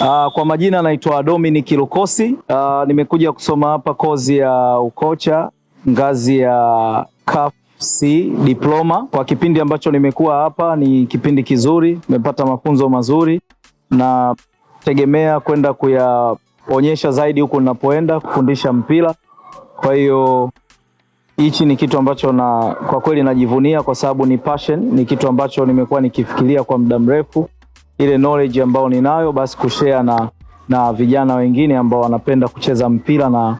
Uh, kwa majina naitwa Dominic Lukosi. Uh, nimekuja kusoma hapa kozi ya ukocha ngazi ya CAF C diploma. Kwa kipindi ambacho nimekuwa hapa ni kipindi kizuri, nimepata mafunzo mazuri na tegemea kwenda kuyaonyesha zaidi huku ninapoenda kufundisha mpira. Kwa hiyo hichi ni kitu ambacho na kwa kweli najivunia kwa sababu ni passion, ni kitu ambacho nimekuwa nikifikiria kwa muda mrefu ile knowledge ambayo ninayo basi kushare na, na vijana wengine ambao wanapenda kucheza mpira na,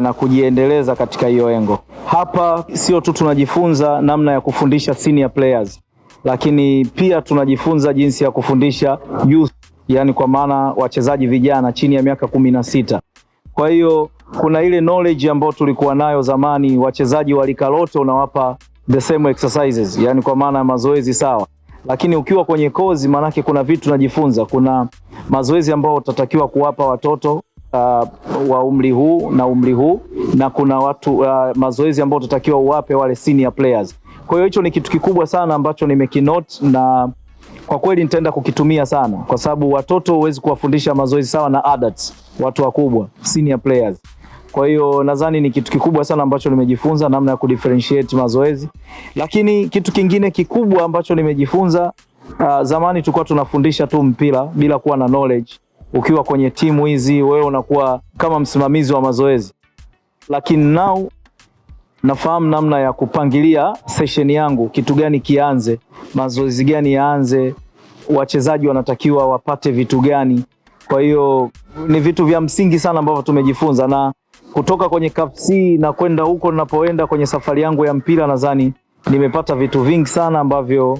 na kujiendeleza katika hiyo engo. Hapa sio tu tunajifunza namna ya kufundisha senior players, lakini pia tunajifunza jinsi ya kufundisha youth, yani kwa maana wachezaji vijana chini ya miaka kumi na sita. Kwa hiyo kuna ile knowledge ambayo tulikuwa nayo zamani, wachezaji wa lika lote unawapa the same exercises, yani kwa maana ya mazoezi sawa lakini ukiwa kwenye kozi, maanake kuna vitu tunajifunza. Kuna mazoezi ambayo utatakiwa kuwapa watoto Uh, wa umri huu na umri huu na kuna watu uh, mazoezi ambao utatakiwa uwape wale senior players. Kwa hiyo hicho ni kitu kikubwa sana ambacho nimekinote na kwa kweli nitaenda kukitumia sana, kwa sababu watoto huwezi kuwafundisha mazoezi sawa na adults, watu wakubwa, senior players. Kwa hiyo nadhani ni kitu kikubwa sana ambacho nimejifunza namna ya kudifferentiate mazoezi, lakini kitu kingine kikubwa ambacho nimejifunza uh, zamani tulikuwa tunafundisha tu mpira bila kuwa na knowledge. Ukiwa kwenye timu hizi wewe unakuwa kama msimamizi wa mazoezi, lakini now nafahamu namna ya kupangilia session yangu, kitu gani kianze, mazoezi gani yaanze, wachezaji wanatakiwa wapate vitu gani. Kwa hiyo ni vitu vya msingi sana ambavyo tumejifunza na kutoka kwenye KFC na kwenda huko ninapoenda kwenye safari yangu ya mpira, nadhani nimepata vitu vingi sana ambavyo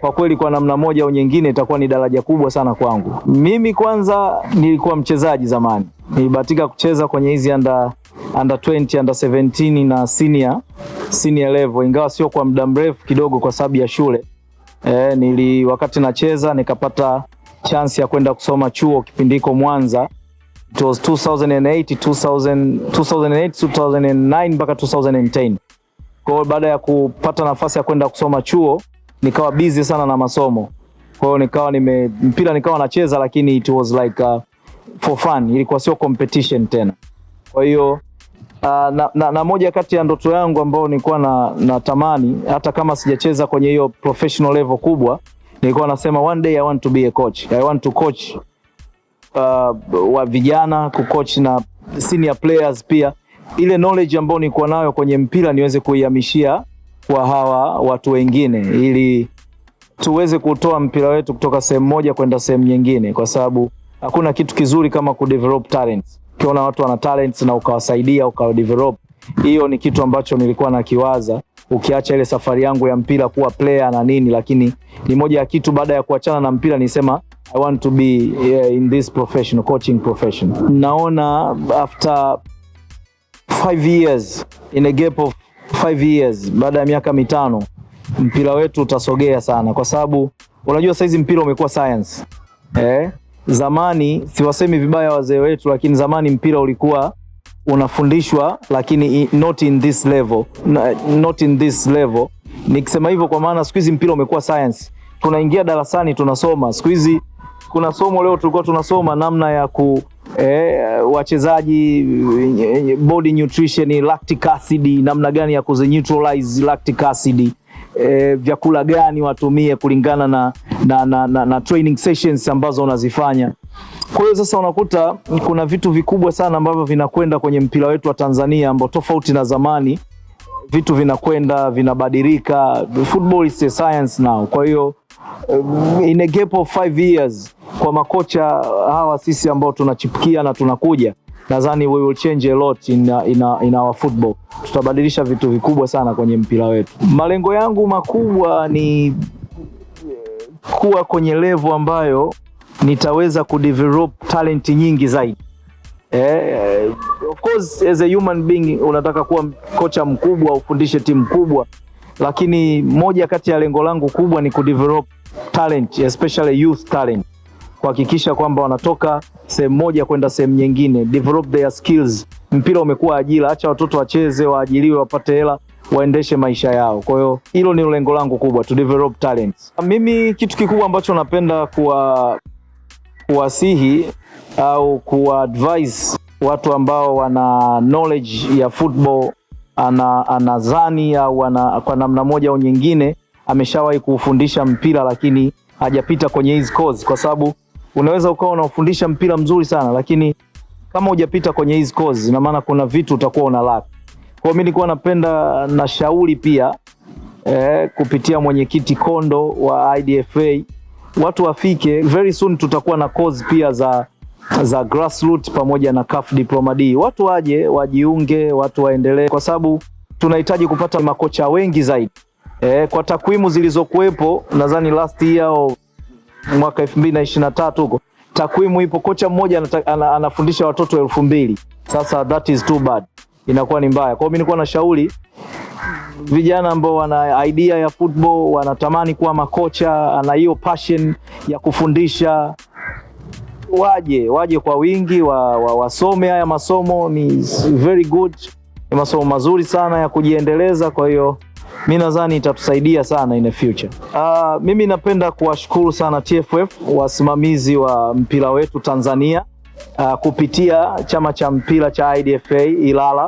kwa kweli kwa namna moja au nyingine itakuwa ni daraja kubwa sana kwangu. Mimi kwanza nilikuwa mchezaji zamani, nilibahatika kucheza kwenye hizi anda under 20, under 17 na senior senior level, ingawa sio kwa muda mrefu kidogo kwa sababu ya shule. E, nili wakati nacheza nikapata chance ya kwenda kusoma chuo kipindi hiko Mwanza. It was 2008, 2009 mpaka 2010. Kwa hiyo baada ya kupata nafasi ya kwenda kusoma chuo nikawa busy sana na masomo. Kwa hiyo nikawa nime mpira nikawa nacheza lakini it was like uh, for fun, ilikuwa sio competition tena. Kwa hiyo uh, na, na, na moja kati ya ndoto yangu ambayo nilikuwa na, na tamani hata kama sijacheza kwenye hiyo professional level kubwa, nilikuwa nasema one day I want to be a coach. I want to coach uh, wa vijana kucoach na senior players pia ile knowledge ambayo nilikuwa nayo kwenye mpira niweze kuihamishia kwa hawa watu wengine, ili tuweze kutoa mpira wetu kutoka sehemu moja kwenda sehemu nyingine, kwa sababu hakuna kitu kizuri kama kudevelop talent. Ukiona watu wana talent na ukawasaidia ukawadevelop, hiyo ni kitu ambacho nilikuwa nakiwaza, ukiacha ile safari yangu ya mpira kuwa player na nini, lakini ni moja ya kitu baada ya kuachana na mpira nisema I want to be yeah, in this profession, coaching profession. Naona after five years, in a gap of five years, baada ya miaka mitano mpira wetu utasogea sana, kwa sababu unajua saizi mpira umekuwa science eh? Zamani siwasemi vibaya wazee wetu, lakini zamani mpira ulikuwa unafundishwa lakini not in this level, not in this level. Nikisema hivyo kwa maana siku hizi mpira umekuwa science, tunaingia darasani tunasoma siku hizi kuna somo leo tulikuwa tunasoma namna ya ku eh, wachezaji e, e, body nutrition, lactic acid, namna gani ya kuzi neutralize lactic acid E, vyakula gani watumie kulingana na, na, na, na, na training sessions ambazo unazifanya. Kwa hiyo sasa unakuta kuna vitu vikubwa sana ambavyo vinakwenda kwenye mpira wetu wa Tanzania ambao tofauti na zamani vitu vinakwenda vinabadilika. Football is a science now. Kwa hiyo Um, in a gap of five years kwa makocha hawa sisi ambao tunachipukia na tunakuja, nadhani we will change a lot in, in, in our football. Tutabadilisha vitu vikubwa sana kwenye mpira wetu. Malengo yangu makubwa ni kuwa kwenye levo ambayo nitaweza kudevelop talent nyingi zaidi. Eh, of course as a human being unataka kuwa kocha mkubwa, ufundishe timu kubwa lakini moja kati ya lengo langu kubwa ni kudevelop talent, especially youth talent, kuhakikisha kwamba wanatoka sehemu moja kwenda sehemu nyingine, develop their skills. Mpira umekuwa ajira, acha watoto wacheze, waajiriwe, wapate hela waendeshe maisha yao. Kwa hiyo hilo ni lengo langu kubwa, to develop Mimi kitu kikubwa ambacho napenda kuwa kuwasihi au kuwaadvise watu ambao wana knowledge ya football ana zani au ana, kwa namna moja au nyingine ameshawahi kuufundisha mpira lakini hajapita kwenye hizi kozi, kwa sababu unaweza ukawa unaufundisha mpira mzuri sana, lakini kama hujapita kwenye hizi kozi, ina maana kuna vitu utakuwa una lack. Kwa hiyo mimi nilikuwa napenda na shauri pia eh, kupitia mwenyekiti Kondo wa IDFA watu wafike very soon, tutakuwa na kozi pia za za grassroot pamoja na CAF Diploma D. Watu waje wajiunge, watu waendelee, kwa sababu tunahitaji kupata makocha wengi zaidi. E, kwa takwimu zilizokuwepo nadhani last year au mwaka 2023 huko takwimu ipo, kocha mmoja anafundisha watoto elfu mbili. Sasa that is too bad, inakuwa ni mbaya. Kwa hiyo mimi nilikuwa na nashauri vijana ambao wana idea ya football wanatamani kuwa makocha, ana hiyo passion ya kufundisha watu waje waje kwa wingi wa, wa, wasome haya masomo ni very good, ni masomo mazuri sana ya kujiendeleza. Kwa hiyo mi nadhani itatusaidia sana in the future. Uh, mimi napenda kuwashukuru sana TFF wasimamizi wa mpira wetu Tanzania uh, kupitia chama cha mpira cha IDFA Ilala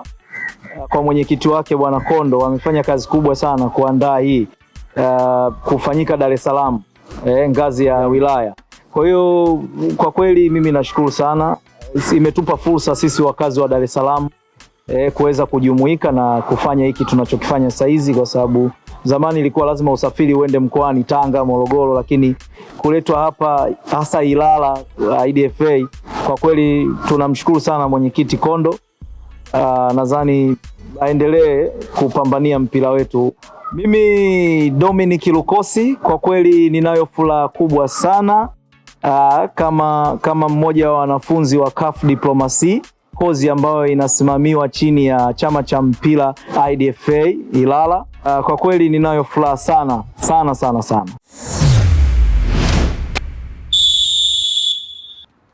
uh, kwa mwenyekiti wake Bwana Kondo wamefanya kazi kubwa sana kuandaa hii uh, kufanyika Dar es Salaam eh, ngazi ya wilaya kwa hiyo kwa kweli mimi nashukuru sana, imetupa fursa sisi wakazi wa Dar es Salaam e, kuweza kujumuika na kufanya hiki tunachokifanya sasa hizi, kwa sababu zamani ilikuwa lazima usafiri uende mkoani Tanga, Morogoro, lakini kuletwa hapa hasa Ilala IDFA, kwa kweli tunamshukuru sana mwenyekiti Kondo. Nadhani aendelee kupambania mpira wetu. Mimi Dominic Lukosi, kwa kweli ninayo furaha kubwa sana uh, kama, kama mmoja wa wanafunzi wa CAF Diplomacy kozi ambayo inasimamiwa chini ya chama cha mpira IDFA Ilala. Uh, kwa kweli ninayo furaha sana sana sana sana.